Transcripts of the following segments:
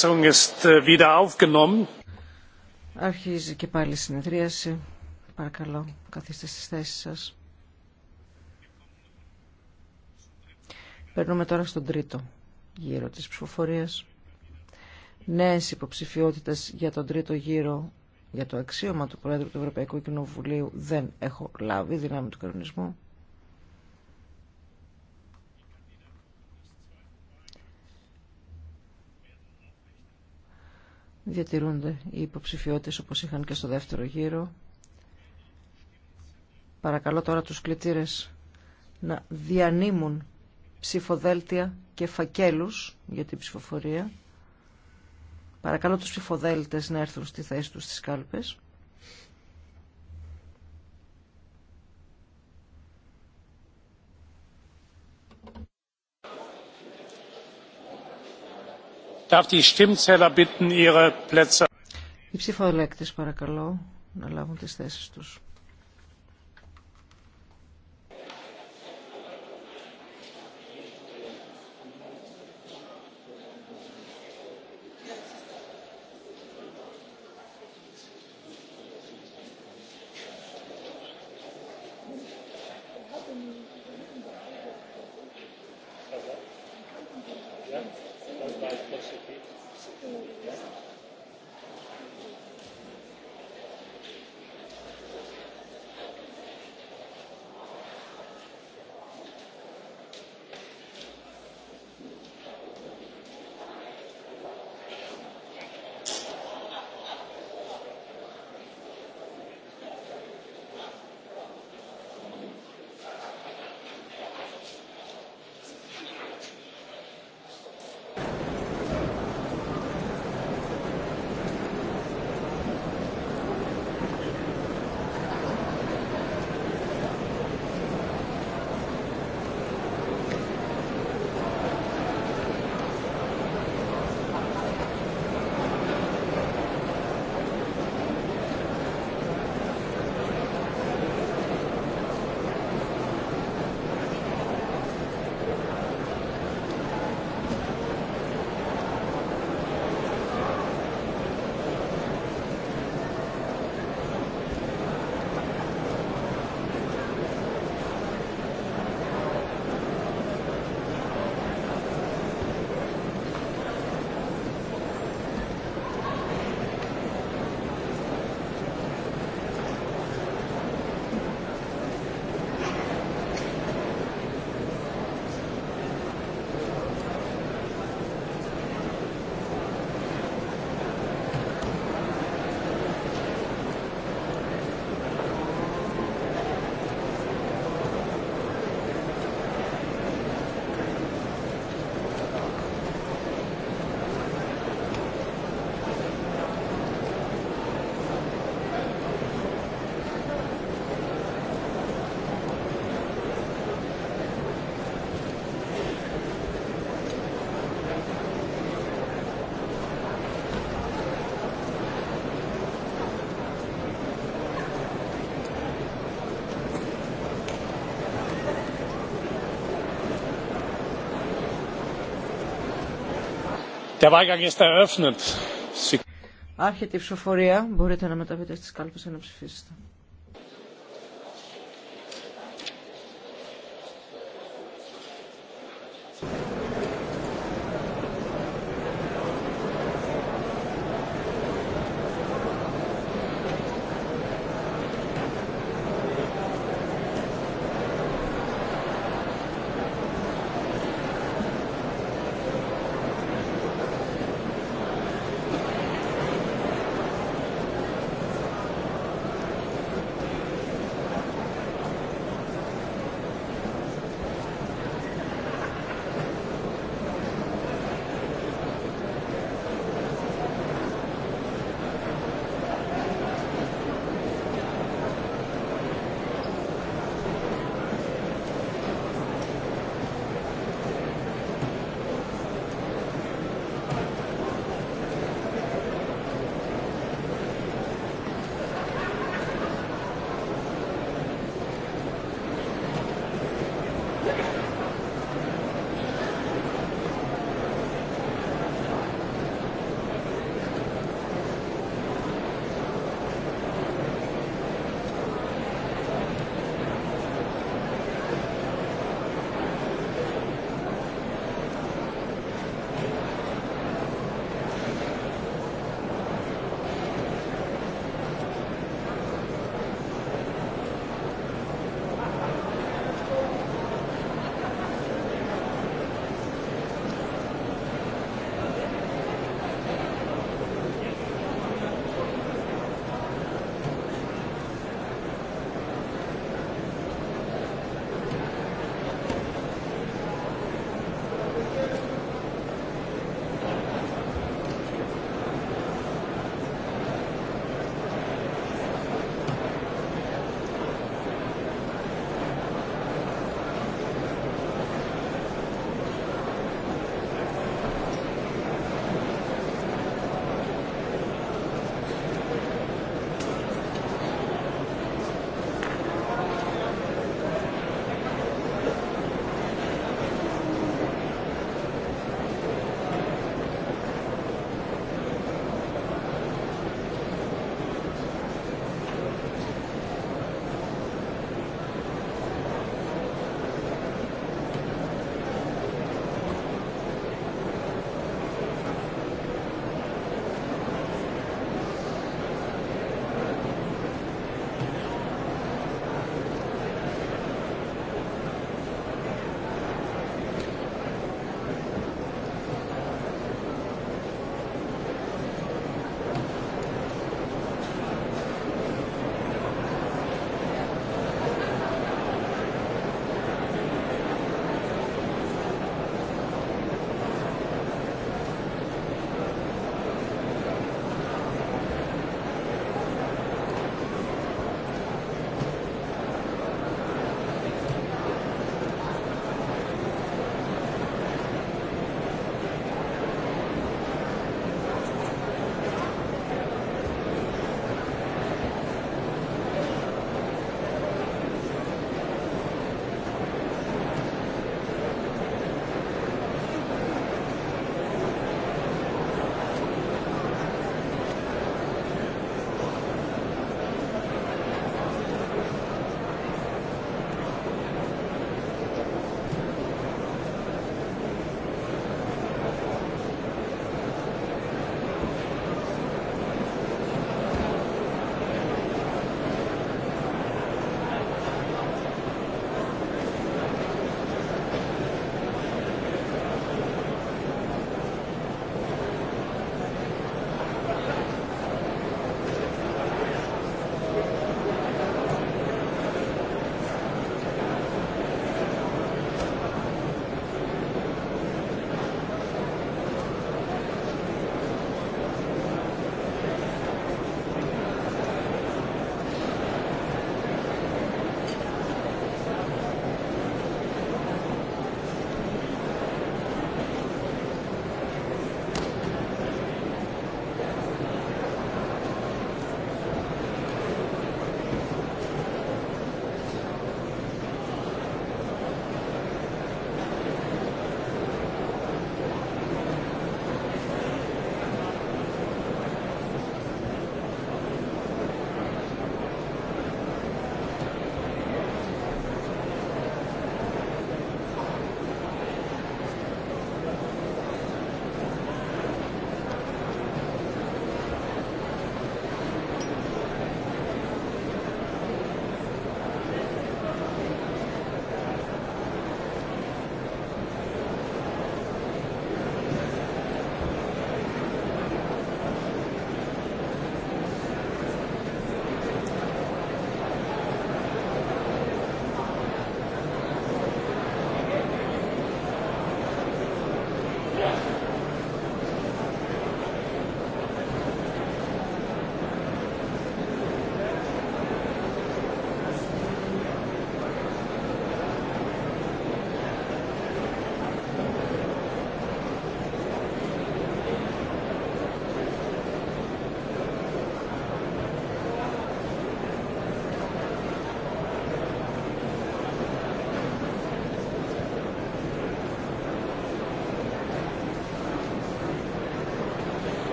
Äh, Αρχίζει και πάλι η συνεδρίαση. Παρακαλώ, καθίστε στις θέσεις σας. Περνούμε τώρα στον τρίτο γύρο της ψηφοφορίας. Νέες υποψηφιότητες για τον τρίτο γύρο για το αξίωμα του Πρόεδρου του Ευρωπαϊκού Κοινοβουλίου δεν έχω λάβει δυνάμει του κανονισμού. διατηρούνται οι υποψηφιότητες όπως είχαν και στο δεύτερο γύρο. Παρακαλώ τώρα τους κλητήρες να διανύμουν ψηφοδέλτια και φακέλους για την ψηφοφορία. Παρακαλώ τους ψηφοδέλτες να έρθουν στη θέση τους στις κάλπες. Οι ψηφοελέκτες παρακαλώ να λάβουν τις θέσεις τους. Άρχεται η ψηφοφορία. Μπορείτε να μεταβείτε στις κάλπες να ψηφίσετε.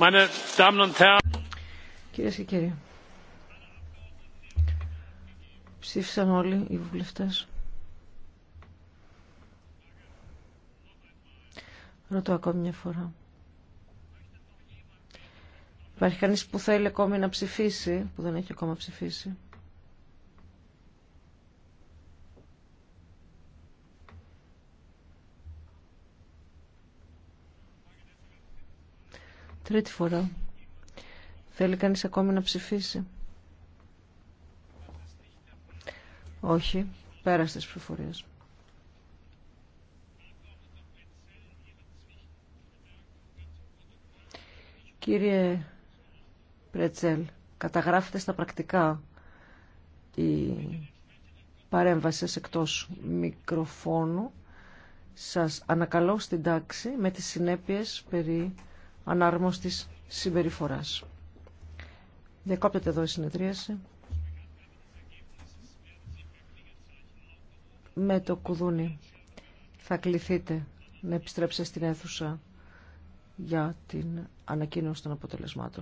Meine Damen und Herren. Κυρίες και κύριοι, ψήφισαν όλοι οι βουλευτέ. Ρωτώ ακόμη μια φορά. Υπάρχει κανείς που θέλει ακόμη να ψηφίσει, που δεν έχει ακόμα ψηφίσει. Τρίτη φορά. Θέλει κανείς ακόμη να ψηφίσει. Όχι. Πέραστες τις Κύριε Πρέτσελ, καταγράφετε στα πρακτικά η παρέμβαση εκτός μικροφώνου. Σας ανακαλώ στην τάξη με τις συνέπειες περί ανάρμοστης συμπεριφοράς. Διακόπτεται εδώ η συνεδρίαση. Με το κουδούνι θα κληθείτε να επιστρέψετε στην αίθουσα για την ανακοίνωση των αποτελεσμάτων.